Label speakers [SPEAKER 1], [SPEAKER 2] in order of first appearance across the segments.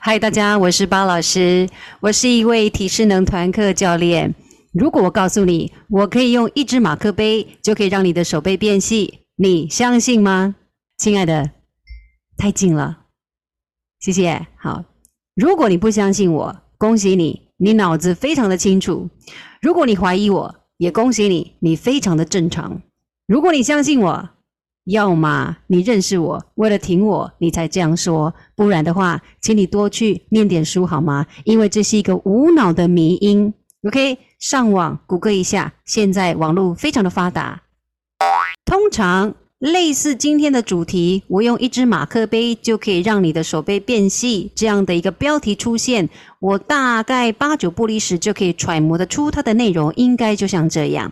[SPEAKER 1] 嗨，大家，我是巴老師，我是一位體適能團課教練。如果我告訴你，我可以用一支馬克杯就可以讓你的手背變細，你相信嗎？親愛的，太近了。謝謝。好，如果你不相信我，恭喜你，你腦子非常的清楚。如果你懷疑我，也恭喜你，你非常的正常。如果你相信我，要麼你認識我，為了挺我，你才這樣說；不然的話，請你多去念點書好嗎？因為這是一個無腦的迷因。OK，上網谷歌一下，現在網絡非常的發達。通常類似今天的主題，我用一支馬克杯就可以讓你的手臂變細，這樣的一個標題出現，我大概八九不離十就可以揣摩得出它的內容，應該就像這樣。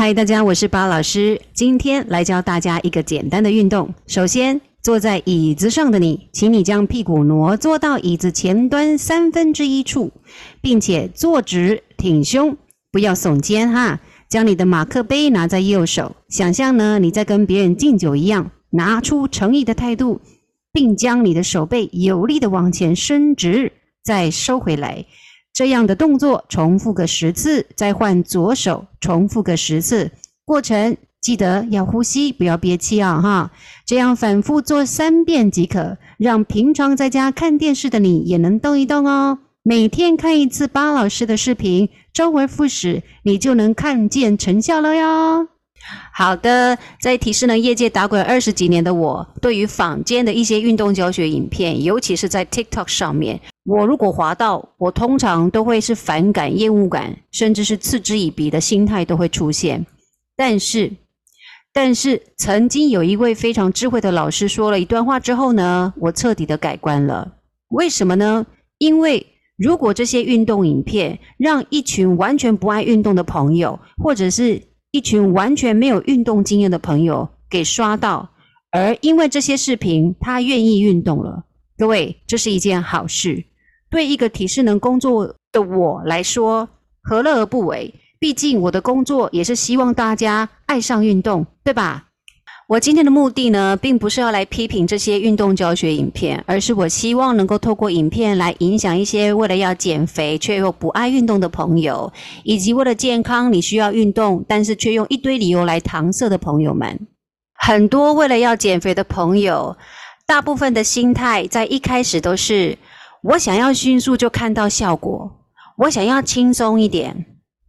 [SPEAKER 1] 嗨，大家，我是巴老師。今天來教大家一個簡單的運動。首先，坐在椅子上的你，請你將屁股挪坐到椅子前端三分之一處，並且坐直挺胸，不要聳肩哈。將你的馬克杯拿在右手，想象呢你在跟別人敬酒一樣，拿出誠意的態度，並將你的手背有力的往前伸直，再收回來。這樣的動作重複個十次，再換左手重複個十次。過程記得要呼吸，不要憋氣啊！哈，這樣反覆做三遍即可。讓平常在家看電視的你也能動一動哦。每天看一次巴老師的視頻，周而復始，你就能看見成效了喲。好的，在體適能業界打滾二十幾年的我，對於坊間的一些運動教學影片，尤其是在 TikTok 上面。我如果滑到，我通常都會是反感、厭惡感，甚至是嗤之以鼻的心態都會出現。但是，但是曾經有一位非常智慧的老師說了一段話之後呢，我徹底的改觀了。為什麼呢？因為如果這些運動影片讓一群完全不愛運動的朋友，或者是一群完全沒有運動經驗的朋友給刷到，而因為這些視頻，他願意運動了。各位，這是一件好事。對一個體適能工作的我來說，何樂而不為？畢竟我的工作也是希望大家愛上運動，對吧？我今天的目的呢，並不是要來批評這些運動教學影片，而是我希望能夠透過影片來影響一些為了要減肥卻又不愛運動的朋友，以及為了健康你需要運動，但是卻用一堆理由來搪塞的朋友們。很多為了要減肥的朋友，大部分的心態在一開始都是。我想要迅速就看到效果，我想要輕鬆一點，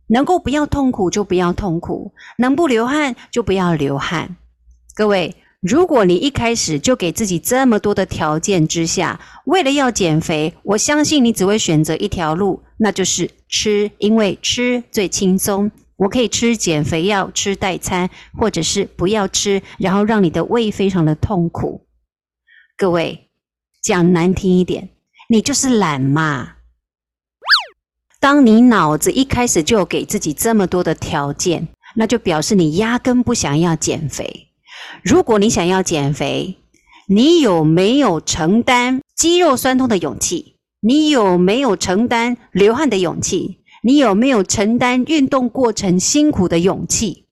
[SPEAKER 1] 能夠不要痛苦就不要痛苦，能不流汗就不要流汗。各位，如果你一開始就給自己這麼多的條件之下，為了要減肥，我相信你只會選擇一條路，那就是吃，因為吃最輕鬆。我可以吃減肥藥，吃代餐，或者是不要吃，然後讓你的胃非常的痛苦。各位，講難聽一點。你就是懶嘛！當你腦子一開始就給自己這麼多的條件，那就表示你壓根不想要減肥。如果你想要減肥，你有沒有承擔肌肉酸痛的勇氣？你有沒有承擔流汗的勇氣？你有沒有承擔運動過程辛苦的勇氣？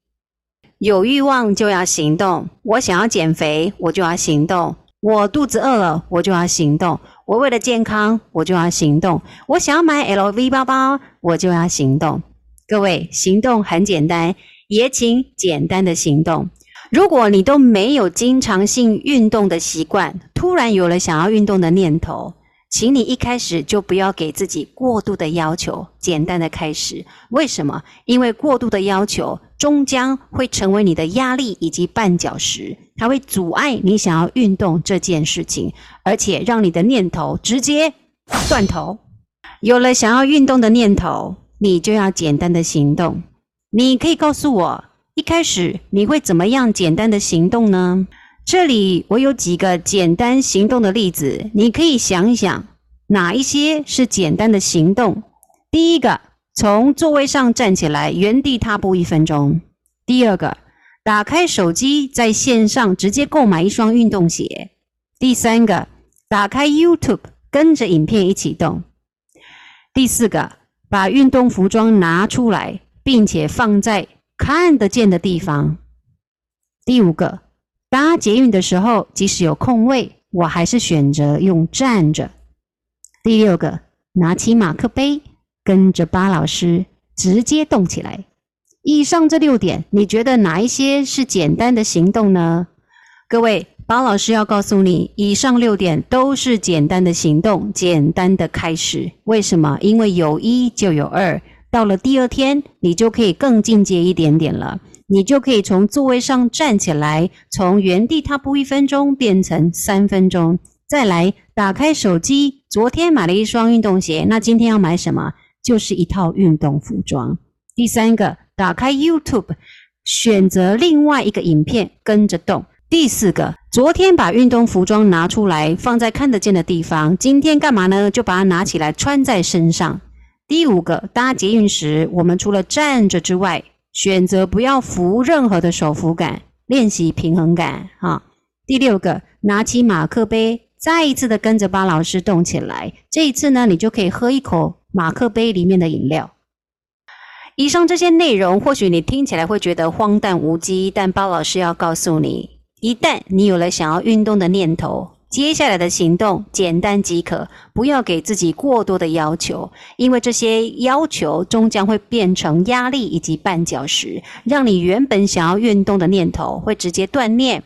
[SPEAKER 1] 有慾望就要行動。我想要減肥，我就要行動。我肚子餓了，我就要行動。我為了健康，我就要行動。我想要買 LV 包包，我就要行動。各位，行動很簡單，也請簡單的行動。如果你都沒有經常性運動的習慣，突然有了想要運動的念頭，請你一開始就不要給自己過度的要求，簡單的開始。為什麼？因為過度的要求。終將會成為你的壓力以及絆腳石，它會阻礙你想要運動這件事情，而且讓你的念頭直接斷頭。有了想要運動的念頭，你就要簡單的行動。你可以告訴我，一開始你會怎麼樣簡單的行動呢？這裡我有幾個簡單行動的例子，你可以想一想，哪一些是簡單的行動？第一個，從座位上站起來，原地踏步一分鐘。第二個，打開手機，在線上直接購買一雙運動鞋。第三個，打開 YouTube，跟着影片一起動。第四個，把運動服裝拿出來，並且放在看得見的地方。第五個，搭捷運的時候，即使有空位，我還是選擇用站着。第六個，拿起馬克杯。跟着巴老師直接動起來。以上這六點，你覺得哪一些是簡單的行動呢？各位，巴老師要告訴你，以上六點都是簡單的行動，簡單的開始。為什麼？因為有一就有二，到了第二天，你就可以更進階一點點了。你就可以從座位上站起來，從原地踏步一分鐘變成三分鐘，再來打開手機，昨天買了一雙運動鞋，那今天要買什麼？就是一套運動服裝。第三個，打開 YouTube，選擇另外一個影片跟着動。第四個，昨天把運動服裝拿出來放在看得見的地方，今天幹嘛呢？就把它拿起來穿在身上。第五個，搭捷運時，我們除了站着之外，選擇不要扶任何的手扶桿，練習平衡感啊。第六個，拿起馬克杯，再一次的跟着巴老師動起來。這一次呢，你就可以喝一口。馬克杯裡面的飲料。以上這些內容，或許你聽起來會覺得荒誕無稽，但巴老師要告訴你，一旦你有了想要運動的念頭，接下來的行動簡單即可，不要給自己過多的要求，因為這些要求終將會變成壓力以及絆腳石，讓你原本想要運動的念頭會直接斷念。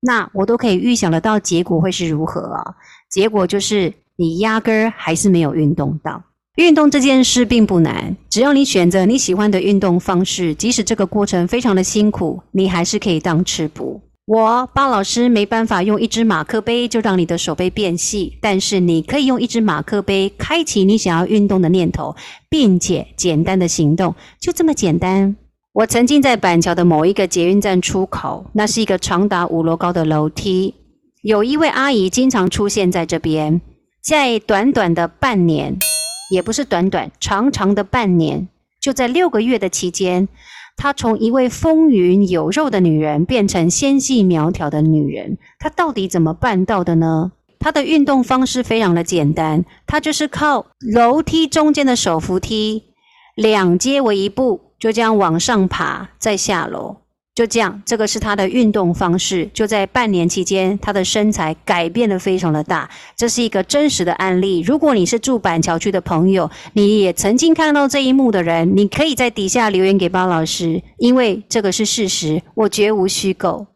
[SPEAKER 1] 那我都可以預想得到結果會是如何啊？結果就是你壓根兒還是沒有運動到。運動這件事並不難，只要你選擇你喜歡的運動方式，即使這個過程非常的辛苦，你還是可以當吃補。我巴老師沒辦法用一支馬克杯就讓你的手背變細，但是你可以用一支馬克杯開啟你想要運動的念頭，並且簡單的行動，就這麼簡單。我曾經在板橋的某一個捷運站出口，那是一個長達五樓高的樓梯，有一位阿姨經常出現在這邊，在短短的半年，也不是短短長長的半年，就在六個月的期間，她從一位豐腴有肉的女人變成纖細苗條的女人。她到底怎麼辦到的呢？她的運動方式非常的簡單，她就是靠樓梯中間的手扶梯，兩階為一步，就這樣往上爬，再下樓。就這樣，這個是他的運動方式。就在半年期間，他的身材改變得非常的大。這是一個真實的案例。如果你是住板橋區的朋友，你也曾經看到這一幕的人，你可以在底下留言給巴老師，因為這個是事實，我絕無虛構。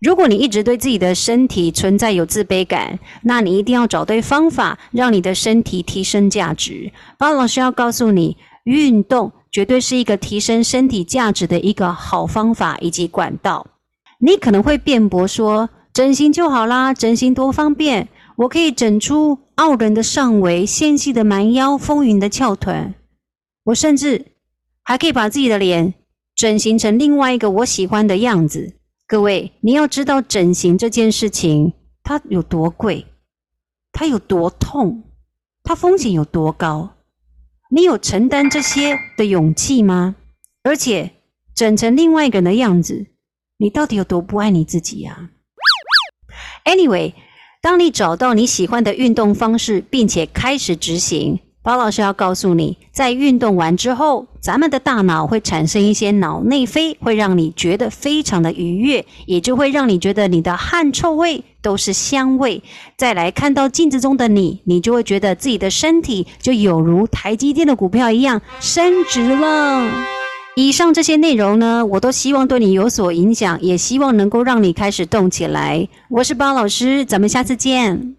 [SPEAKER 1] 如果你一直對自己的身體存在有自卑感，那你一定要找對方法，讓你的身體提升價值。巴老師要告訴你。運動絕對是一個提升身體價值的一個好方法以及管道。你可能會辯駁說：整形就好啦，整形多方便，我可以整出傲人的上圍、纖細的蠻腰、豐盈的翹臀。我甚至還可以把自己的臉整形成另外一個我喜歡的樣子。各位，你要知道整形這件事情，它有多貴，它有多痛，它風險有多高。你有承擔這些的勇氣嗎？而且，整成另外一個人的樣子，你到底有多不愛你自己呀？Anyway，當你找到你喜歡的運動方式，並且開始執行。巴老師要告訴你，在運動完之後，咱們的大腦會產生一些腦內啡，會讓你覺得非常的愉悅，也就會讓你覺得你的汗臭味都是香味。再來看到鏡子中的你，你就會覺得自己的身體就有如台積電的股票一樣升值了。以上這些內容呢，我都希望對你有所影響，也希望能夠讓你開始動起來。我是巴老師，咱們下次見。